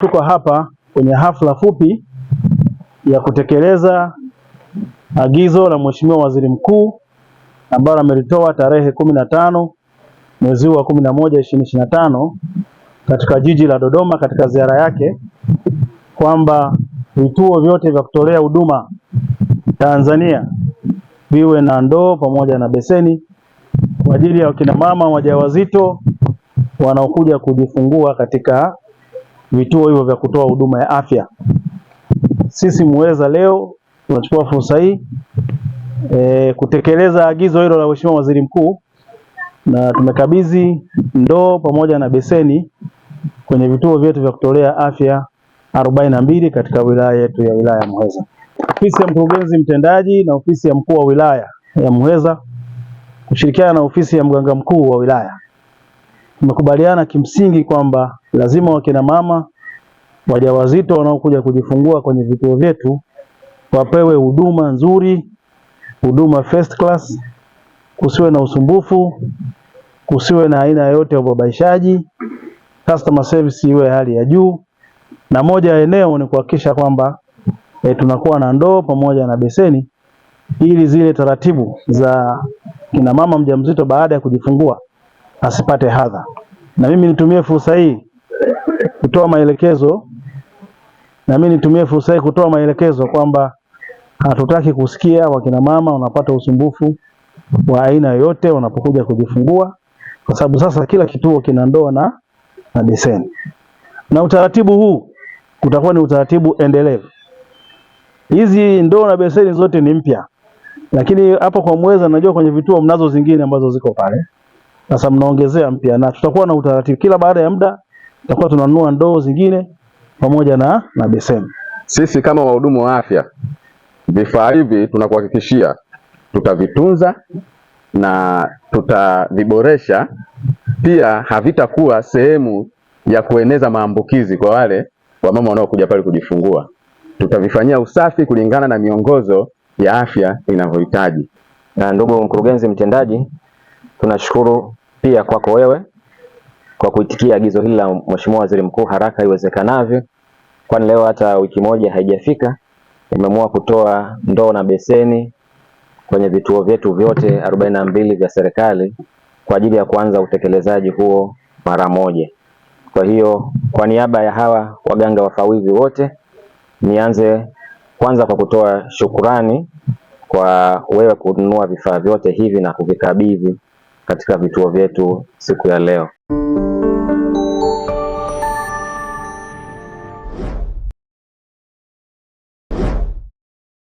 Tuko hapa kwenye hafla fupi ya kutekeleza agizo la Mheshimiwa Waziri Mkuu ambalo amelitoa tarehe kumi na tano mwezi wa kumi na moja ishirini na tano katika jiji la Dodoma katika ziara yake kwamba vituo vyote vya kutolea huduma Tanzania viwe na ndoo pamoja na beseni kwa ajili ya wakinamama wajawazito wanaokuja kujifungua katika vituo hivyo vya kutoa huduma ya afya. Sisi MUWEZA leo tunachukua fursa hii e, kutekeleza agizo hilo la Mheshimiwa Waziri Mkuu, na tumekabidhi ndoo pamoja na beseni kwenye vituo vyetu vya kutolea afya arobaini na mbili katika wilaya yetu ya wilaya ya Muheza. Ofisi ya mkurugenzi mtendaji na ofisi ya mkuu wa wilaya ya Muheza kushirikiana na ofisi ya mganga mkuu wa wilaya Tumekubaliana kimsingi kwamba lazima wakina mama wajawazito wanaokuja kujifungua kwenye vituo vyetu wapewe huduma nzuri, huduma first class, kusiwe na usumbufu, kusiwe na aina yoyote ya ubabaishaji, customer service iwe hali ya juu, na moja ya eneo ni kuhakikisha kwamba e, tunakuwa na ndoo pamoja na beseni ili zile taratibu za kina mama mjamzito baada ya kujifungua asipate hadha. Na mimi nitumie fursa hii kutoa maelekezo, na mimi nitumie fursa hii kutoa maelekezo kwamba hatutaki kusikia wakina mama wanapata usumbufu wa aina yoyote wanapokuja kujifungua, kwa sababu sasa kila kituo kina ndoa na, na beseni, na utaratibu huu utakuwa ni utaratibu endelevu. Hizi ndoo na beseni zote ni mpya, lakini hapo kwa Mweza najua kwenye vituo mnazo zingine ambazo ziko pale. Sasa mnaongezea mpya, na tutakuwa na utaratibu, kila baada ya muda tutakuwa tunanunua ndoo zingine pamoja na na beseni. Sisi kama wahudumu wa afya, vifaa hivi tunakuhakikishia tutavitunza na tutaviboresha pia. Havitakuwa sehemu ya kueneza maambukizi kwa wale wamama wanaokuja pale kujifungua. Tutavifanyia usafi kulingana na miongozo ya afya inavyohitaji. Na ndugu mkurugenzi mtendaji, tunashukuru pia kwako wewe kwa kuitikia agizo hili la Mheshimiwa Waziri Mkuu haraka iwezekanavyo, kwani leo hata wiki moja haijafika, umeamua kutoa ndoo na beseni kwenye vituo vyetu vyote arobaini na mbili vya serikali kwa ajili ya kuanza utekelezaji huo mara moja. Kwa hiyo kwa niaba ya hawa waganga wafawidhi wote, nianze kwanza kwa kutoa shukurani kwa wewe kununua vifaa vyote hivi na kuvikabidhi katika vituo vyetu siku ya leo.